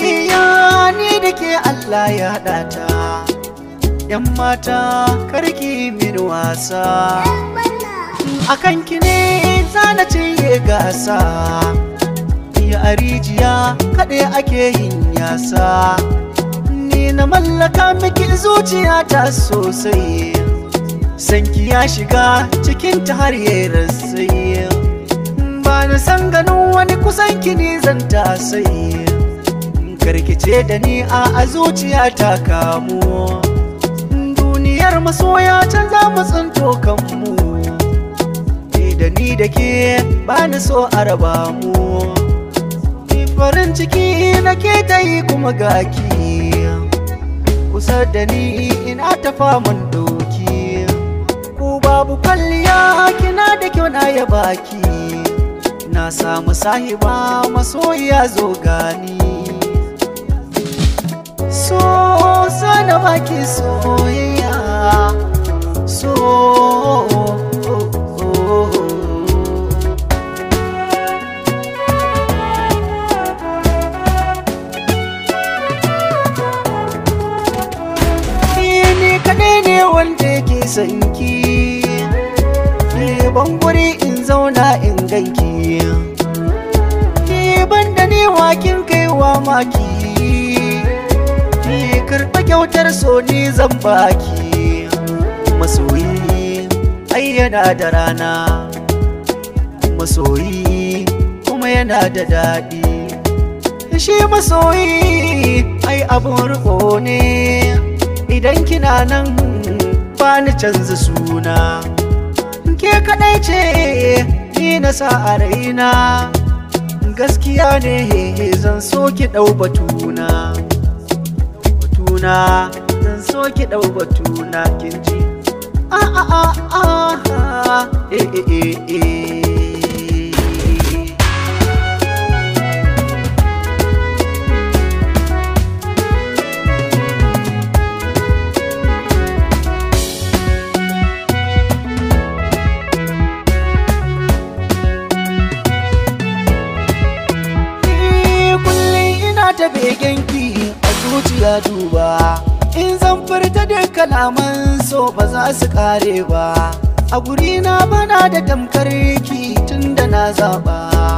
soyayya ni da ke Allah ya haɗa ta. ‘yan mata karki min wasa a kanki ne zana ce gasa ya a rijiya kaɗai ake yin yasa ni na mallaka miki zuciya ta sosai sanki ya shiga cikin ta har ya rasai ba na san ganin wani kusan ne zan ta sai. karkice da ni a zuciya ta kamu duniyar masoya canza za mu tsinto da ni da ba ni so a raba mu ni farin ciki na ke ta yi kuma ga kusa da ni ina ta faman doki ku babu kwalliya kina da kyau na ya baki. na samu sahiba masoya zo gani na baki soyayya so ne wanda yake sanki ban guri in zauna in ganki ni ban da ni wakin kaiwa maki kyautar so ni zan baki masoyi ai yana da rana masoyi kuma yana da daɗi shi masoyi ai abun riko ne idan kina nan ba ni canza suna ke kaɗai ce ni na sa a raina gaskiya ne zan so ki ɗau batuna juna zan so ki ɗau batuna kin ji a a a a ya duba in zan furta da kalaman so ba za su kare ba a guri na bana da tamkar ki tun da na zaba